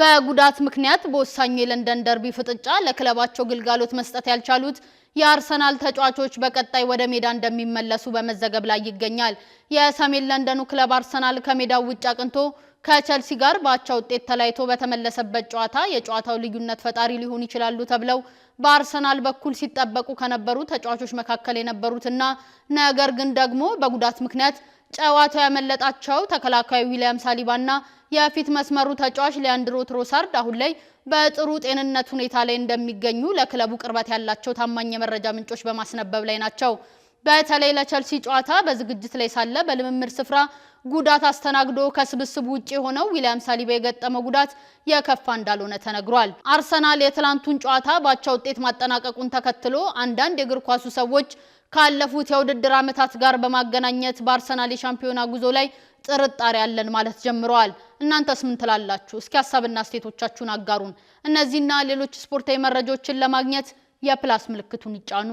በጉዳት ምክንያት በወሳኙ የለንደን ደርቢ ፍጥጫ ለክለባቸው ግልጋሎት መስጠት ያልቻሉት የአርሰናል ተጫዋቾች በቀጣይ ወደ ሜዳ እንደሚመለሱ በመዘገብ ላይ ይገኛል። የሰሜን ለንደኑ ክለብ አርሰናል ከሜዳው ውጭ አቅንቶ ከቸልሲ ጋር በአቻ ውጤት ተለያይቶ በተመለሰበት ጨዋታ የጨዋታው ልዩነት ፈጣሪ ሊሆኑ ይችላሉ ተብለው በአርሰናል በኩል ሲጠበቁ ከነበሩ ተጫዋቾች መካከል የነበሩትና ነገር ግን ደግሞ በጉዳት ምክንያት ጨዋታው ያመለጣቸው ተከላካዩ ዊሊያም ሳሊባና የፊት መስመሩ ተጫዋች ሊያንድሮ ትሮሳርድ አሁን ላይ በጥሩ ጤንነት ሁኔታ ላይ እንደሚገኙ ለክለቡ ቅርበት ያላቸው ታማኝ የመረጃ ምንጮች በማስነበብ ላይ ናቸው። በተለይ ለቸልሲ ጨዋታ በዝግጅት ላይ ሳለ በልምምድ ስፍራ ጉዳት አስተናግዶ ከስብስብ ውጭ የሆነው ዊሊያም ሳሊባ የገጠመው ጉዳት የከፋ እንዳልሆነ ተነግሯል። አርሰናል የትላንቱን ጨዋታ ባቻ ውጤት ማጠናቀቁን ተከትሎ አንዳንድ የእግር ኳሱ ሰዎች ካለፉት የውድድር ዓመታት ጋር በማገናኘት በአርሰናል የሻምፒዮና ጉዞ ላይ ጥርጣሬ ያለን ማለት ጀምረዋል። እናንተስ ምን ትላላችሁ? እስኪ ሀሳብና አስተያየቶቻችሁን አጋሩን። እነዚህና ሌሎች ስፖርታዊ መረጃዎችን ለማግኘት የፕላስ ምልክቱን ይጫኑ።